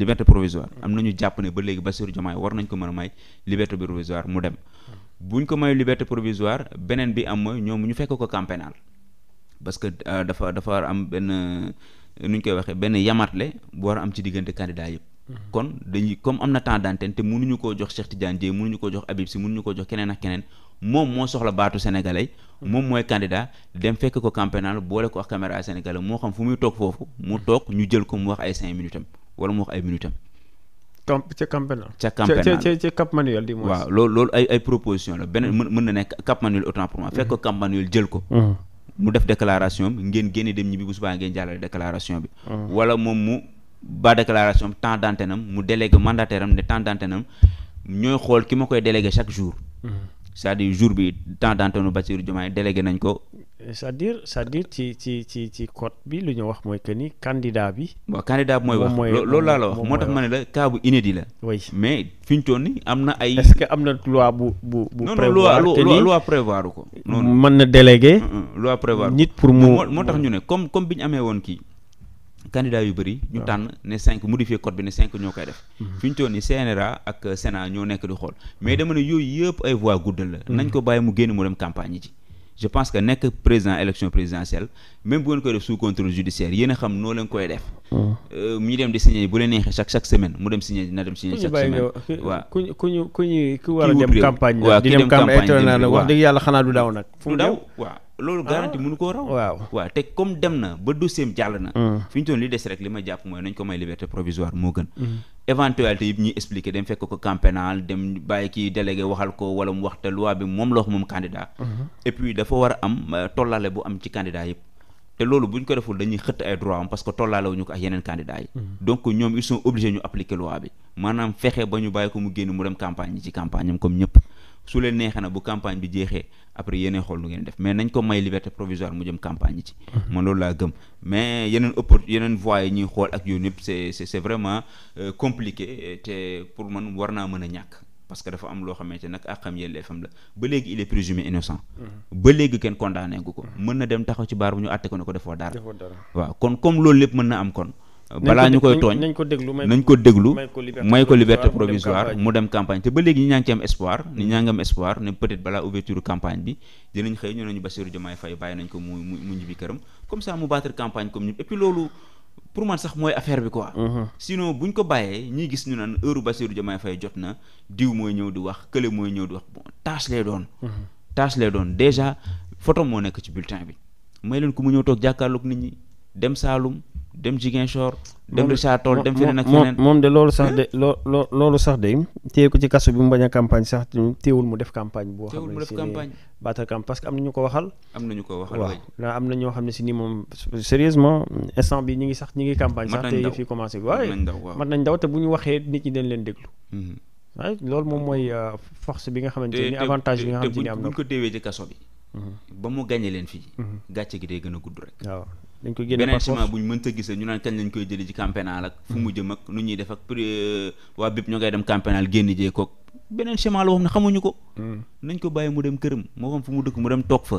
liberté provisoire am ñu jàpp ne ba léegi ba Bassirou Diomaye war nañ ko mën a may liberté provisoire mu dem bu ñu ko may liberté provisoire beneen bi am mooy ñoom ñu fekk ko camp pénal parce que euh, dafa dafa am benn nu ñu koy waxee benn yamatle bu war am ci diggante candidat yëpp kon dañuy comme am na temps d'antenne te ñu koo jox Cheikh Tidiane Dièye mënuñu ko jox Habib Sy mënuñu ko jox keneen ak keneen moom moo soxla baatu sénégalais moom mooy candidat dem fekk ko camp boole ko ak caméra sénégalais moo xam fu muy toog foofu mu toog ñu jël ko mu wax ay cinq minutes wala mu wax ay minutes am. camp ca camp pénal. ca camp pénal ca ca Cap Manuel di waaw loolu ay ay proposition la beneen mën mën na nekk Cap fekk ko mhm. Cap jël ko. Mhm. mu def déclaration bi ngeen génne dem ñibbi bu subaa ngeen jàllale déclaration bi. Mhm. wala moom mu ba déclaration temps d'antenne mu délégué mandataire ne temps d'antenne ñooy xool ki ma koy délégué chaque jour. cest à jour bi temps d'antenne Bassirou Diomaye délégué nañ ko c'est-à-dire ci ci ci ci code bi lu ñu wax mooy que ni candidat bi. waaw candidat bi mooy wax loolu laa la wax moo tax ma ne la cas bu inédit la. mais fi ñu am na ay. est-ce am na loi bu bu bu. prévoir non non loi prévoir ko. mën na délégué. Mm, mm, loi prévoir nit pour mu. moo tax ñu ne comme comme bi ñu amee woon kii. candidat yu bëri ñu tànn ne cinq modifier code bi ne cinq ñoo koy def mm-hmm. fi ni CNRA ak Sénat ñoo nekk di xool mais mm-hmm. dama ne yooyu yëpp ay voix guddal la mm-hmm. nañ ko bàyyi mu génn mu je pense que nekk président élection présidentielle même bu ngeen koy def sous contrôle judiciaire yéen xam noo leen koy def. ñu euh, dem di signé bu leen neexee chaque chaque semaine mu dem signé na dem signé chaque semaine. waaw ku ñu ku ñu ku ñu ku war a dem campagne. waaw ki dem campagne dem na wax dëgg yàlla xanaa du daw nag. fu mu daw waaw. loolu ah. garanti mënu koo raw waaw te comme dem na ba dossier am jàll na. Mm. fi ñu toon li des rek li ma jàpp mooy nañ ko may liberté éventualité yi ñuy expliqué dem fekk ko camp dem bàyyi kii délégué waxal ko wala mu waxte loi bi moom la wax moom candidat mhm. et puis dafa war a am euh, tollale bu am ci candidat yëpp te loolu bu ñu ko deful dañuy xëtt ay droit am parce tollaale wu ñu ko ak yeneen candidats yi mhm. donc ñoom ils sont obligés ñu appliquer loi bi fexe ba ñu bàyyi ko mu génn mu dem campagne yi ci campagne am comme ñëpp su leen neexee na bu campagne bi jeexee après yeneen xool nu ngeen def mais nañ ko may liberté provisoire mu jëm campagne yi ci mhm. man loolu laa gëm mais yeneen ëpport yeneen voies ñuy xool ak yooyu yëpp c'est c'est vraiment euh, compliqué te pour man war naa mën a ñàkk parce que dafa am loo xamante nag ak xam yelle fam la ba léegi il est présumé innocent mhm. ba léegi kenn condamné gu ko mhm. mën na dem taxaw ci baar bu ñu àtte ko ne ko defoo dara waaw kon comme loolu balaa ñu koy tooñ nañ ko déglu nañ ko déglu may ko liberté provisoire mu dem campagne te ba léegi ñi ñaa espoir ñi ñaa ngi ne peut balaa ouverture campagne bi dinañ nañ ko mu mu mu ñibbi campagne comme ñëpp et puis loolu pour man sax mooy affaire bi quoi. Mhm. sinon buñ ko bàyyee ñiy gis ñu naan heure Bassirou Diomaye Faye jot na diw mooy ñëw di wax kële mooy ñëw di wax bon tâche doon. Mhm. tâche lay doon déjà photo moo nekk ci bulletin bi may leen ku mu ñëw dem Ziguinchor. dem Richard Toll dem feneen ak feneen. moom de loolu sax de loo loo loolu sax de téye ko ci kaso bi mu bañ a campagne sax téewul mu def campagne. boo xam ne si ne que am ko waxal. am na ñu ko waxal waaw ndax am na ñoo xam ne si ni moom sérieusement instant bi ñu ngi sax ñu ngi campagne. sax te yëf yi commencé waaye mën nañ daw te bu ñu waxee nit ñi dañ leen déglu. Mhm. waaye loolu moom mooy euh, force bi nga xamante ni avantage bi nga xamante ni am na ko. te te buñ ko ci kaso bi. Mhm. ba mu gagné leen fii. Mhm. gàcce gi day gën a gudd rek waaw dañ ko génne beneen ciment bu ñu mënta gisee ñu naan kañ lañ koy jëli ci camp pénal ak fu mu hmm. jëm ak nu ñuy def ak prix euh, waa BIP ñoo ngay dem camp génn jee koog beneen ciment la boo xam ne xamuñu ko hmm. nañ ko bàyyi mu dem këram moo xam fu mu dëkk mu dem toog fa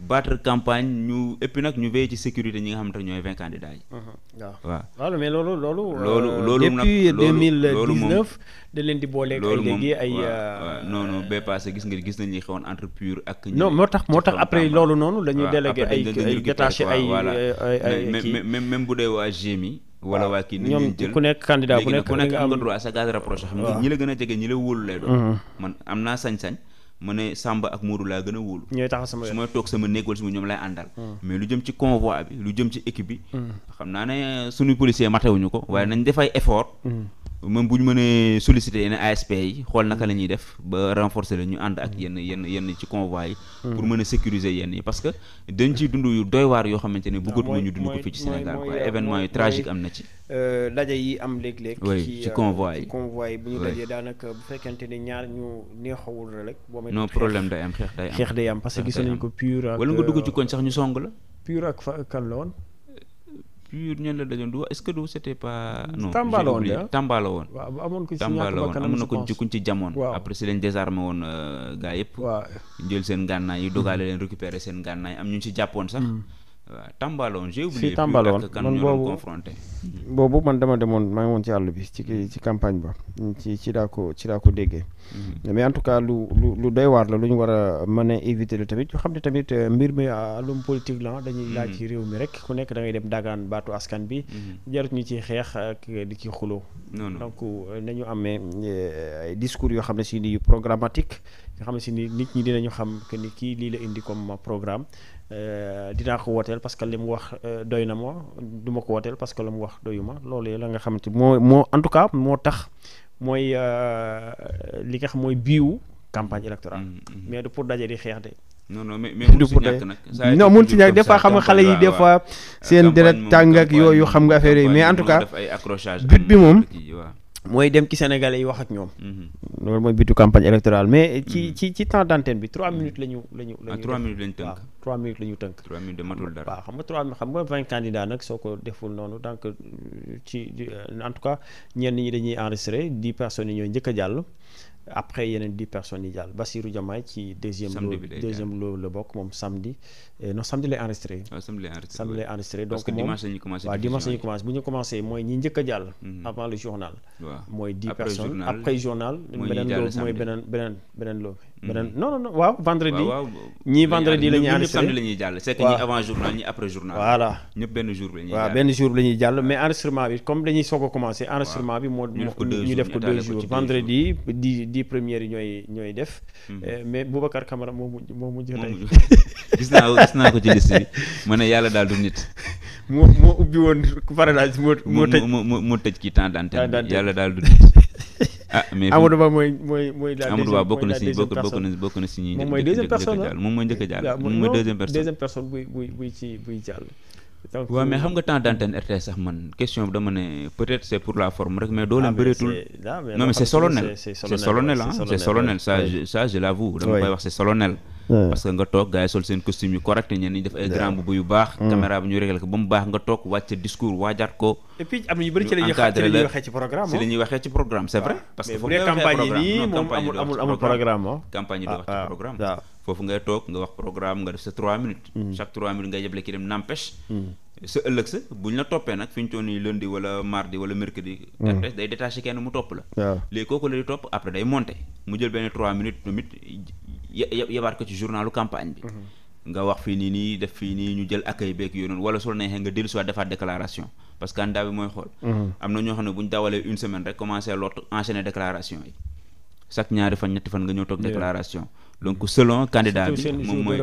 battre campagne ñu et nag ñu veiller ci sécurité ñi nga xamante ne ñooy vingt candidats yi. Uh-huh. waaw mais loolu loolu. Euh, loolu loolu nag depuis deux mille dix-neuf da leen di ay léegi ay. Euh, non non bee passé gis nga gis nañ li xewoon entre pur ak. non moo tax moo tax après loolu noonu lañu ñuy délégué ay ay détaché ay euh, ay ay même bu dee waa GMI. wala waa kii nañ leen jël ku nekk candidat ku nekk ku am nga droit sa gaz rapproché xam nga ñi la gën a jege ñi la wóolu lay doon. Uh-huh. man am naa sañ-sañ. mane ne ak Modou laa gën a wóolu. ñooy taxaw sama su ma toog sama néeg wala su ma ñoom lay àndal. Hmm. mais lu jëm ci convoi bi lu jëm ci équipe bi. Hmm. xam naa ne suñu policier matewuñu ko hmm. waaye nañ def ay même bu ñu mënee solliciter yenn ASP yi xool naka la ñuy def ba renforcer la ñu ànd ak yenn yenn yenn ci convoi yi. Hmm. pour mën a sécuriser yenn yi parce que dañ ciy dund yu doy waar yoo xamante ni ne bëggatuma ñu dund ko fii ci Sénégal quoi événement yu tragique am na ci. Euh, daje yi am léeg-léeg. ci ci euh, yi convoi bu ñu dajee daanaka bu fekkente ne ñaar ñu neexawul rek. boo non problème day am xeex day am day am parce que gis nañ ko pur ak. wala nga dugg euh, ci koñ sax ñu song la. pur ak fa kan la pur ñoom la dajoon du est-ce que woon ah? Tamba la woon. waaw amoon na ko jukkuñ ci jamoon. après si lañ désarmé woon euh, gars yëpp. waaw jël seen gànnaay yi dogaale leen récupérer seen gànnaay am ñu ci jàppoon sax. Mm. waaw Tambalong j'ai oublié. fii Tambalong man boobu boobu man dama demoon maa ngi woon ci àll bi ci ci campagne ba ci ci daa ko ci daa ko déggee. Mhm. mais en tout cas lu lu lu doy waar la lu ñu war a mën a éviter tamit yoo xam ne tamit euh, mbir mi àllum euh, politique la dañuy mhm. laaj ci réew mi rek ku nekk da ngay dem dagaan baatu askan bi. Mhm. jarut ñi ciy xeex ak di ci xuloo. donc euh, nañu amee ay discours yoo xam ne si ni programmatique yoo xam ne ni nit ñi dinañu xam que ni kii lii la indi comme programme. Euh, dinaa ko wooteel parce que li mu wax euh, doy na ma du ma ko wooteel parce que li mu wax doyu ma loolu la nga xamante moo moo en tout cas moo tax mooy euh, li nga xam mooy biiwu campagne électorale. Mm, mm. mais du pour daje di xeex de. non non mais mais mënut si ñàkk nag. xam nga xale yi des fois seen deret tàng ak yooyu xam nga affaire yi mais en tout cas but bi moom. Mm. mooy dem ci sénégal yi wax ak ñoom. Mhm. loolu mooy bitu campagne électorale mais. Mhm. ci ci ci temps d' antenne bi 3 minutes la ñu la ñu. ñu tënk waaw 3 minutes la tënk. 3 minutes matul dara waaw xam nga 3 xam nga 20 candidats nag soo ko deful noonu donc euh, ci euh, en tout cas ñenn ñi dañuy enregistré di personne yi ñooy njëkk a jàll. après yeneen dix personnes yi jàll Bassirou Diomaye ci deuxième lot la bokk moom samedi eh, non samedi lay enregistré samedi lay enregistré donc moom waaw dimanche la ñu bu ñu commencé mooy ñi njëkk jàll hmm. avant le journal mooy dix personnes après journal beneen loo mooy beneen beneen beneen loo beneen mm-hmm. non non non waaw vendredi. waaw ñii vendredi la ñuy enregistré ñëpp ñuy jàll. c'est que ñii avant journal ñii après journal. voilà ñëpp benn jour la ñuy jàll. waaw benn jour la bi comme dañuy soog a commencé. waaw enregistrement bi moo. ñu ko deux jours vendredi di di ñooy ñooy def. Mm-hmm. Eh, mais Boubacar Camara moo mujj moo mujj tey. gis naa gis naa ko ci liste bi ma yàlla daal du nit. moo moo ubbi woon paradise moo moo tëj moo moo tëj kii temps d'antenne yàlla daal du nit. ah mais Amadou Ba mooy mooy mooy la deuxième bokk na si bokk na bokk na si ñi moom jàll ah. moom mooy njëkk a jàll moom mooy deuxième personne deuxième personne buy buy buy ci buy jàll waaw mais xam nga temps d'antenne RTS sax man question bi dama ne peut-être c'est pour la forme rek mais doo leen ah, bëreetul non mais c'est solennel c'est solennel ah c'est solennel ça ça je l'avoue dama koy wax c'est solennel parce que nga toog gars yi sol seen costume yu correct ñenn ñi def ay grand boubou yu baax mm. caméra bi ñu réglé ko ba mu baax nga toog wàcce discours waajaat ko et puis am na ci la waxee ci programme ah. c'est vrai parce que foofu ngay toog nga wax programme nga def sa trois minutes mm. chaque trois minutes ngay jëble ki dem n'empêche mm. sa ëllëg sa buñ la toppee nag fi ñu toon nii lundi wala mardi wala mercredi day détaché kenn mu topp la léegi yabaat ko ci journalu campagne bi mhm. nga wax fii nii nii def fii nii ñu jël accueil beeg yooyu noonu wala su la neexee nga dellu si defaat déclaration parce que candidat bi mooy xool mhm. am na ñoo xam ne bu ñu dawalee une semaine rek commencé lot enchaîner déclaration yi chaque ñaari fan ñetti fan nga ñëw toog déclaration donc selon candidat bi mooy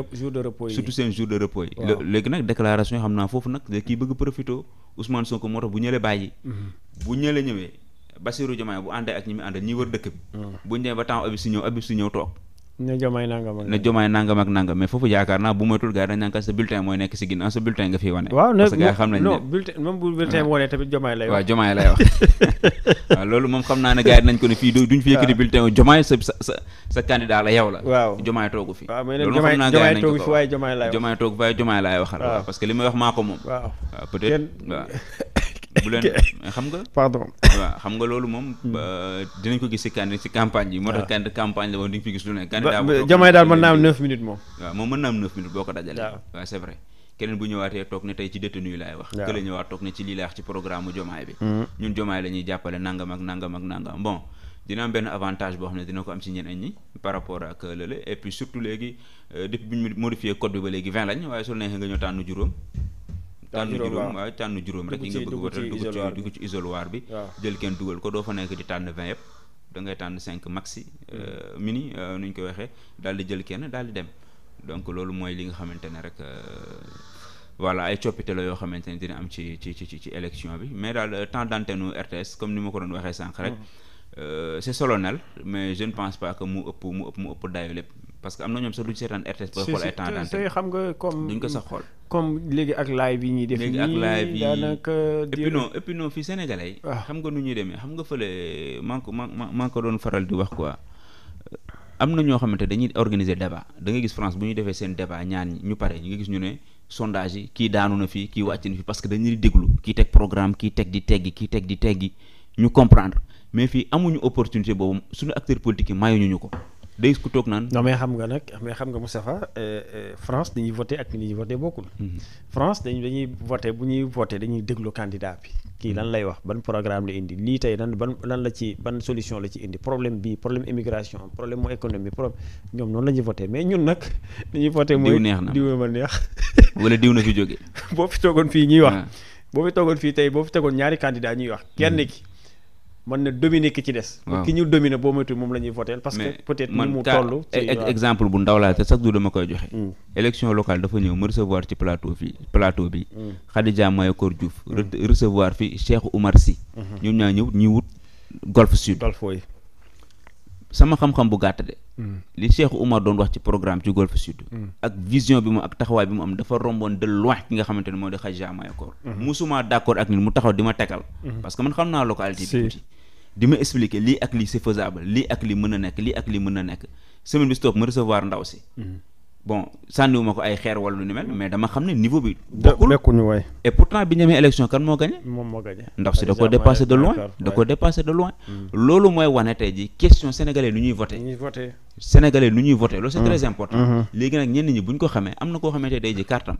surtout seen jour de repos yi léegi nag déclaration yi xam naa foofu nag da kii bëgg profito Ousmane Sonko moo tax bu ne jomaay nangam ak ne jomaay nangam ak nangam mais foofu yaakaar naa bu moytul gars yi dañ naan sa bulletin mooy nekk si ginnaaw sa bulletin nga fi wane. waaw ne parce xam moom xam naa ne gaa yi nañ ko ne fii duñ fi yëkkati bulletin wu jomaay sa sa sa candidat la yow la. waaw jomaay toogu fi. waaw mais nag jomaay jomaay toogu fi waaye jomaay lay wax loolu parce que li may wax maa ko moom. waaw peut-être bu leen xam nga. pardon waaw xam nga loolu moom. Hmm. dinañ ko gis si candidat si campagne bi. moo tax ah. candidat campagne la woon di nga gis lu ne. candidat boobu Diomaye daal mën naa am tey ci détenu yi laay wax kële ñëwaat toog ne ci lii laay wax ci programme jomaay bi hmm. ñun jomaay la ñuy jàppale nangam ak nangam ak nangam bon dina am benn avantage boo xam ne dina ko am ci ñeneen ñi par rapport ak euh, lële et puis surtout léegi euh, depuis bu ñu modifié code bi ba léegi vingt tànn juróom waaw tànn juróom rek yi nga bëgg watal dugg ci dugg bi jël kenn dugal ko doo fa nekk di tànn vingt yëpp da ngay tànn cinq maxi euh, hmm. mini euh, nu ñu koy waxee daal di jël kenn daal di dem donc loolu mooy li nga xamante ne rek euh, voilà ay coppite la yoo xamante ne dina am ci ci ci ci ci élection bi mais daal temps d'antenne RTS comme ni ma ko doon waxee sànq rek hmm. c'est solennel mais jeune ne pense pas que mu ëpp mu ëpp mu ëpp dayo lépp parce que am na ñoom sax duñ seetaan RTS ba xool ay temps d'antenne xam nga comme duñ ko sax xool comme léegi ak live yi ñi def léegi ak live yi daanaka et puis non et puis non fii sénégalais ah. xam nga nu ñuy demee xam nga fële maa ko maa maa ko doon faral di wax quoi am na ñoo xamante dañuy organiser débat da nga gis France bu ñuy defee seen débat ñaan ñu pare ñu nga gis ñu ne sondage yi kii daanu na fii kii wàcc na fi parce que dañuy déglu kii teg programme kii teg di teggi kii teg di teggi ñu comprendre mais fii amuñu opportunité boobu suñu acteur politique yi mayuñu ñu ko day ku toog naan. non mais xam nga nag mais xam nga Moustapha euh, euh, France dañuy voté ak ni ñuy voté bokkul. Mhm. France dañuy dañuy voté bu ñuy voté dañuy déglu candidat bi. kii mhm. lan lay wax ban programme la indi lii tey lan ban lan la ci ban solution la ci indi problème bii problème immigration problème mu économie problème ñoom noonu la ñuy voté mais ñun nag. dañuy voté mooy diw neex na diw ma neex. wala diw na fi jóge. boo fi toogoon fii ñuy wax. Ah. boo fi toogoon fii tey boo fi tegoon ñaari candidat ñuy wax kenn mhm. ki. mën na dominer ki ci des. ki ñu dominer boo moytu moom la ñuy voté parce que peut-être ni mu toll. E- e- exemple bu ndaw laa te chaque ma hmm. recevoir ci plateau fii plateau bi. Hmm. Khadija Mayakor Diouf. Hmm. recevoir fi sama xam-xam bu gàtt de. li Cheikh Oumar doon wax ci programme ci Golf Sud. ak bi mu ak bi mu am dafa romboon de loin ki nga xamante ne moo di Khadija Mayakor. musuma d'accord ak ñun mu di ma tegal. man xam naa localité bi tuuti. di ma expliquer lii ak lii c'est faisable lii ak lii mën na nekk lii ak lii mën na nekk semaine bi stop ma recevoir ndaw si. Mm-hmm. bon sànniwuma ko ay xeer wala lu ni mel mais dama xam ne niveau bi. bokkul nekkuñu waay. et pourtant bi ñu demee élection kan moo gagné. moom moo gagné ndax si da ko dépassé de loin da ko dépassé de loin. loolu mooy wane tey ji question sénégalais nu ñuy voté. nu voté sénégalais nu ñuy voté loolu c'est mm. très important. Mm-hmm. léegi nag ñenn ñi bu ñu ko xamee am na koo xamante ne day ji kartam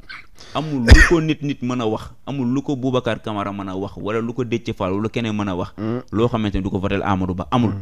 amul lu ko nit nit mën a wax amul lu ko Boubacar Camara mën a wax wala lu ko Déthié Fall lu keneen mën a wax. Mm. loo xamante ne du ko voté Amadou Ba amul. Mm.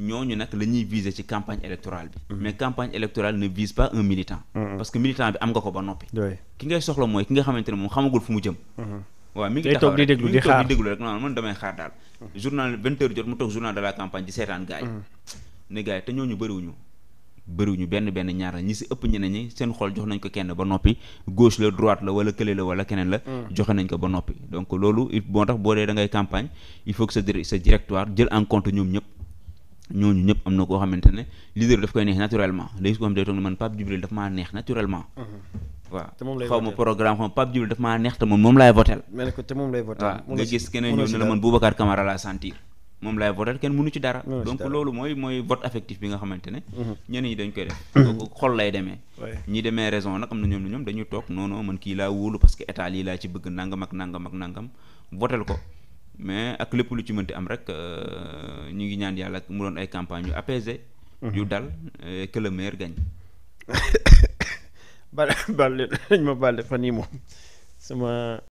ñooñu nag la ñuy ci campagne électorale bi. Mhm. mais campagne électorale ne vise pas un militant. Mhm. parce militant bi am nga ko ba noppi. ki ngay soxla mooy ki nga xamante ne moom xamagul fu benn benn ñaar ñi si ëpp ñeneen ñi seen xol jox nañ kenn ba noppi gauche la droite la wala kële la wala keneen mhm. ko ba noppi donc loolu il moo tax boo dee da ngay campagne il faut que sa sa directoire jël en compte ñoom ñëpp ñooñu ñëpp am na koo xamante ne leader bi daf koy neex naturellement day gis koo xam ne man Pape mhm. moom moom laay votel te moom lay votel waaw nga gis keneen ñëw ne la man Boubacar Camara laa sentir moom laay votel kenn mënu ci dara donc loolu mooy mooy vote affectif bi nga xamante ne mhm. ñenn ñi dañ koy def mhm. xol lay demee ñi demee raison nag am na ñoom ne ñoom dañuy toog non non man kii laa wóolu parce que état lii laa ci bëgg nangam ak nangam ak nangam votel ko mais ak lépp lu ci mënti am rek euh, ñu ngi ñaan yàlla mu doon ay campagne yu apaisé yu mhm. dal euh, que le meilleur gagne bal dañ ma balle fan yi moom sama